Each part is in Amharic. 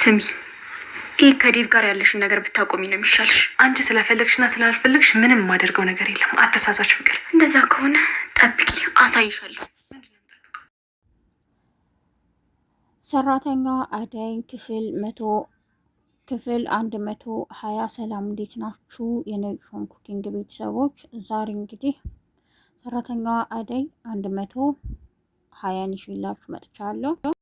ስሚ ይህ ከዴቭ ጋር ያለሽን ነገር ብታቆሚ ነው የሚሻልሽ። አንቺ ስለፈለግሽና ስላልፈለግሽ ምንም የማደርገው ነገር የለም። አተሳሳች ፍቅር። እንደዛ ከሆነ ጠብቂ፣ አሳይሻለሁ። ሰራተኛ አደይ ክፍል መቶ ክፍል አንድ መቶ ሀያ ሰላም እንዴት ናችሁ? የነጆን ኩኪንግ ቤተሰቦች ዛሬ እንግዲህ ሰራተኛ አደይ አንድ መቶ ሀያን ይሽላችሁ መጥቻለሁ።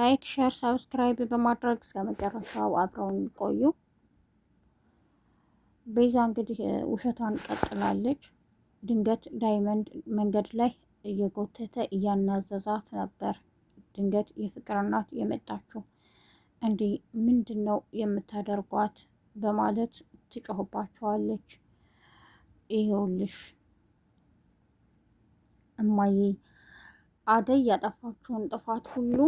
ላይክ፣ ሼር፣ ሰብስክራይብ በማድረግ እስከ መጨረሻው አብረውን ቆዩ። ቤዛ እንግዲህ ውሸቷን ቀጥላለች። ድንገት ዳይመንድ መንገድ ላይ እየጎተተ እያናዘዛት ነበር። ድንገት የፍቅር እናት የመጣችው እንዲህ ምንድን ነው የምታደርጓት በማለት ትጮህባቸዋለች። ይሄውልሽ እማዬ አደይ ያጠፋችውን ጥፋት ሁሉ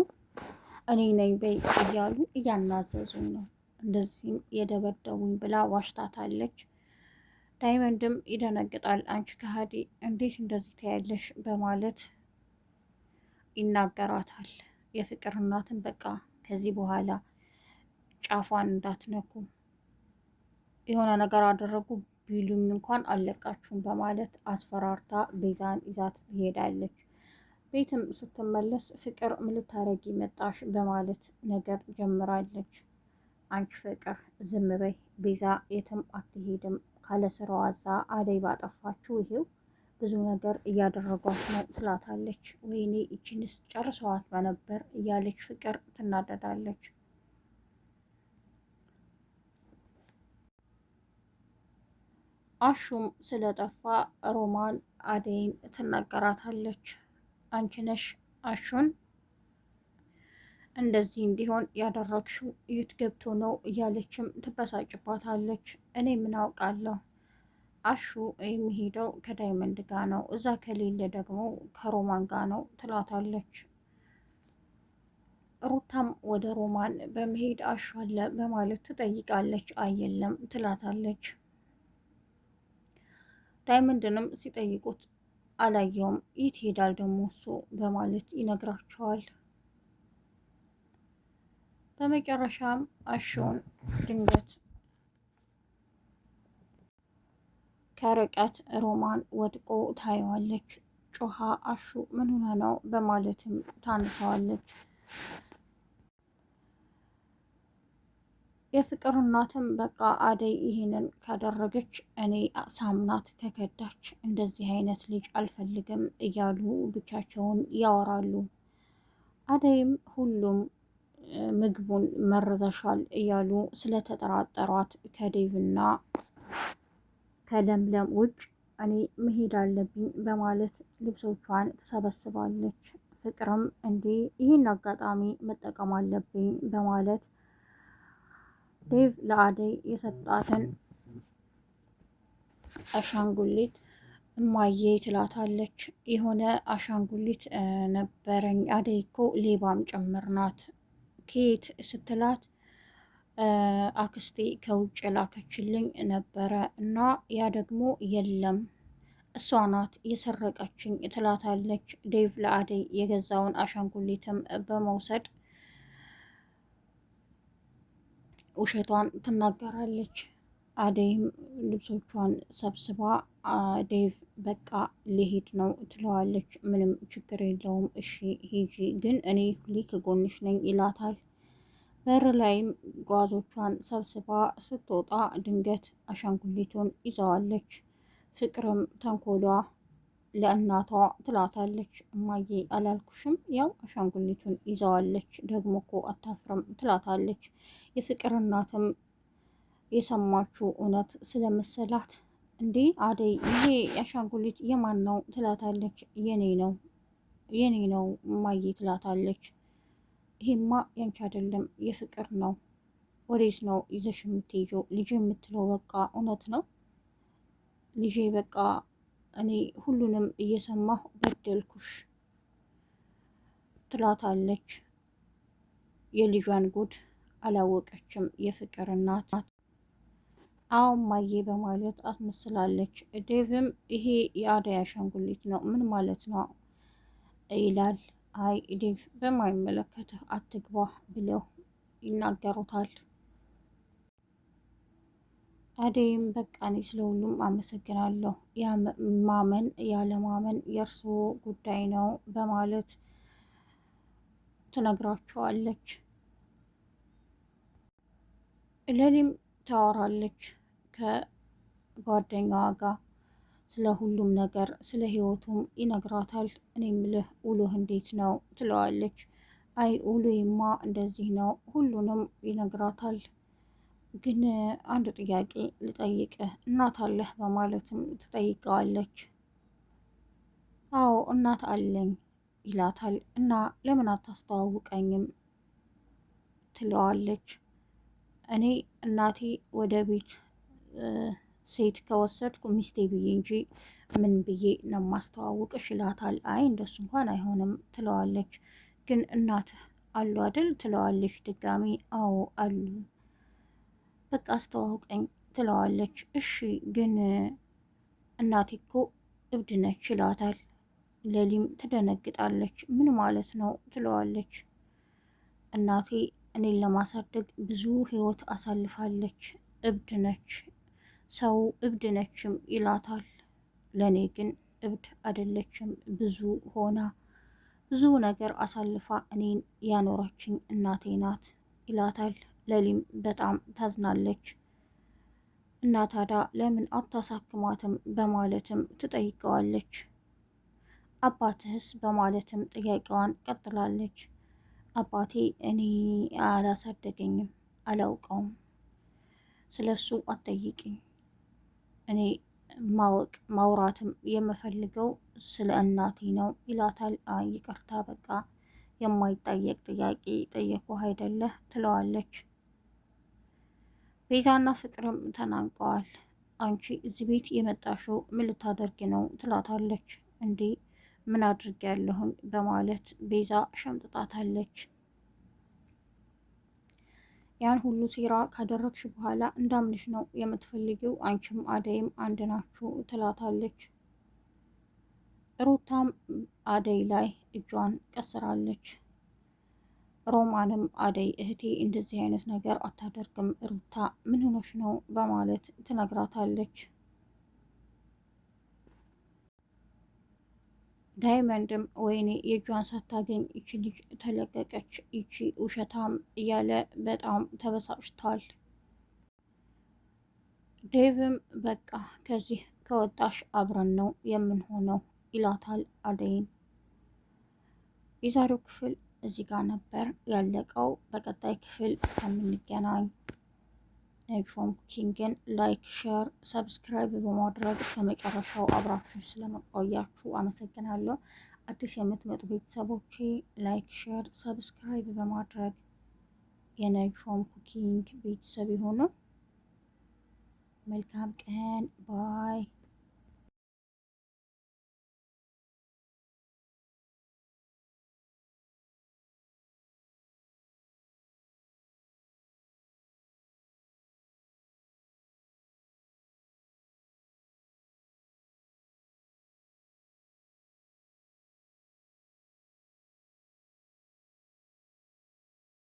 እኔ ነኝ በይ እያሉ እያናዘዙኝ ነው፣ እንደዚህም የደበደቡኝ ብላ ዋሽታታለች። ዳይመንድም ይደነግጣል። አንቺ ከሃዲ እንዴት እንደዚህ ታያለሽ? በማለት ይናገራታል። የፍቅር እናትን በቃ ከዚህ በኋላ ጫፏን እንዳትነኩ የሆነ ነገር አደረጉ ቢሉኝ እንኳን አለቃችሁም በማለት አስፈራርታ ቤዛን ይዛት ትሄዳለች። ቤትም ስትመለስ ፍቅር ምን ልታረጊ መጣሽ በማለት ነገር ጀምራለች። አንቺ ፍቅር ዝም በይ ቤዛ የትም አትሄድም ካለ ስራዋ እዛ አደይ ባጠፋችሁ ይሄው ብዙ ነገር እያደረጓት ነው ትላታለች። ወይኔ ይችንስ ጨርሰዋት በነበር እያለች ፍቅር ትናደዳለች። አሹም ስለጠፋ ሮማን አደይን ትናገራታለች። አንቺ ነሽ አሹን እንደዚህ እንዲሆን ያደረግሽው የት ገብቶ ነው እያለችም ትበሳጭባታለች። እኔ ምን አውቃለሁ አሹ የሚሄደው ከዳይመንድ ጋ ነው፣ እዛ ከሌለ ደግሞ ከሮማን ጋ ነው ትላታለች። ሩታም ወደ ሮማን በመሄድ አሹ አለ በማለት ትጠይቃለች። አየለም ትላታለች። ዳይመንድንም ሲጠይቁት አላየውም የት ይሄዳል ደግሞ እሱ በማለት ይነግራቸዋል። በመጨረሻም አሹን ድንገት ከርቀት ሮማን ወድቆ ታየዋለች። ጮሃ አሹ ምን ሆነ ነው በማለትም ታንሰዋለች። የፍቅር እናትም በቃ አደይ ይህንን ካደረገች እኔ ሳምናት ከከዳች እንደዚህ አይነት ልጅ አልፈልግም እያሉ ብቻቸውን ያወራሉ። አደይም ሁሉም ምግቡን መረዘሻል እያሉ ስለተጠራጠሯት ከዴቭና ከለምለም ውጭ እኔ መሄድ አለብኝ በማለት ልብሶቿን ትሰበስባለች። ፍቅርም እንዴ ይህን አጋጣሚ መጠቀም አለብኝ በማለት ዴቭ ለአደይ የሰጣትን አሻንጉሊት እማዬ ትላታለች። የሆነ አሻንጉሊት ነበረኝ አደይ እኮ ሌባም ጭምር ናት። ኬት ስትላት አክስቴ ከውጭ ላከችልኝ ነበረ እና ያ ደግሞ የለም እሷ ናት የሰረቀችኝ ትላታለች። ዴቭ ለአደይ የገዛውን አሻንጉሊትም በመውሰድ ውሸቷን ትናገራለች። አደይም ልብሶቿን ሰብስባ ዴቭ በቃ ሊሄድ ነው ትለዋለች። ምንም ችግር የለውም እሺ ሂጂ፣ ግን እኔ ሁሌ ከጎንሽ ነኝ ይላታል። በር ላይም ጓዞቿን ሰብስባ ስትወጣ ድንገት አሻንጉሊቱን ይዘዋለች። ፍቅርም ተንኮሏ ለእናቷ ትላታለች። እማዬ አላልኩሽም? ያው አሻንጉሊቱን ይዘዋለች፣ ደግሞ እኮ አታፍርም ትላታለች። የፍቅር እናትም የሰማችው እውነት ስለመሰላት እንዴ አደይ፣ ይሄ አሻንጉሊት የማን ነው ትላታለች። የኔ ነው የኔ ነው እማዬ ትላታለች። ይሄማ ያንቺ አይደለም የፍቅር ነው። ወዴት ነው ይዘሽ የምትሄጂው? ልጅ የምትለው በቃ እውነት ነው ልጄ በቃ እኔ ሁሉንም እየሰማሁ በደልኩሽ ትላታለች። የልጇን ጉድ አላወቀችም የፍቅር እናት አዎ ማዬ በማለት አስመስላለች። ዴቭም ይሄ የአደይ አሻንጉሊት ነው ምን ማለት ነው ይላል። አይ ዴቭ በማይመለከትህ አትግባ ብለው ይናገሩታል። አደይም በቃ እኔ ስለሁሉም አመሰግናለሁ፣ ማመን ያለማመን የእርስዎ ጉዳይ ነው በማለት ትነግራቸዋለች። ለሊም ታወራለች ከጓደኛዋ ጋር ስለ ሁሉም ነገር ስለ ህይወቱም ይነግራታል። እኔ ምልህ ውሎህ እንዴት ነው ትለዋለች። አይ ውሎዬማ እንደዚህ ነው ሁሉንም ይነግራታል። ግን አንድ ጥያቄ ልጠይቅህ እናት አለህ? በማለትም ትጠይቀዋለች። አዎ እናት አለኝ ይላታል። እና ለምን አታስተዋውቀኝም? ትለዋለች። እኔ እናቴ ወደ ቤት ሴት ከወሰድኩ ሚስቴ ብዬ እንጂ ምን ብዬ ነው ማስተዋውቅሽ? ይላታል። አይ እንደሱ እንኳን አይሆንም ትለዋለች። ግን እናትህ አሉ አይደል? ትለዋለች ድጋሚ። አዎ አሉ በቃ አስተዋውቀኝ ትለዋለች። እሺ ግን እናቴ እኮ እብድ ነች ይላታል። ለሊም ትደነግጣለች። ምን ማለት ነው ትለዋለች። እናቴ እኔን ለማሳደግ ብዙ ህይወት አሳልፋለች። እብድ ነች፣ ሰው እብድ ነችም ይላታል። ለእኔ ግን እብድ አይደለችም። ብዙ ሆና ብዙ ነገር አሳልፋ እኔን ያኖራችኝ እናቴ ናት ይላታል። ለሊም በጣም ታዝናለች። እና ታዲያ ለምን አታሳክማትም በማለትም ትጠይቀዋለች። አባትህስ በማለትም ጥያቄዋን ቀጥላለች። አባቴ እኔ አላሳደገኝም፣ አላውቀውም፣ ስለሱ አትጠይቅኝ። እኔ ማወቅ ማውራትም የምፈልገው ስለ እናቴ ነው ይላታል። ይቅርታ በቃ የማይጠየቅ ጥያቄ ጠየቁ አይደለህ ትለዋለች። ቤዛና ፍቅርም ተናንቀዋል። አንቺ እዚህ ቤት የመጣሽው ምን ልታደርጊ ነው ትላታለች። እንዴ ምን አድርጌ ያለሁኝ በማለት ቤዛ ሸምጥጣታለች። ያን ሁሉ ሴራ ካደረግሽ በኋላ እንዳምንሽ ነው የምትፈልጊው? አንቺም አደይም አንድ ናችሁ ትላታለች። ሩታም አደይ ላይ እጇን ቀስራለች። ሮማንም አደይ እህቴ እንደዚህ አይነት ነገር አታደርግም፣ ሩታ ምን ሆኖሽ ነው በማለት ትነግራታለች። ዳይመንድም ወይኔ የእጇን ሳታገኝ ይቺ ልጅ ተለቀቀች፣ ይቺ ውሸታም እያለ በጣም ተበሳጭቷል። ዴቭም በቃ ከዚህ ከወጣሽ አብረን ነው የምንሆነው ይላታል አደይን። የዛሬው ክፍል እዚህ ጋር ነበር ያለቀው። በቀጣይ ክፍል እስከምንገናኝ ነግሾም ኩኪንግን ላይክ፣ ሼር፣ ሰብስክራይብ በማድረግ ከመጨረሻው አብራችሁ ስለመቆያችሁ አመሰግናለሁ። አዲስ የምትመጡ ቤተሰቦቼ ላይክ፣ ሼር፣ ሰብስክራይብ በማድረግ የነግሾም ኩኪንግ ቤተሰብ የሆኑ መልካም ቀን ባይ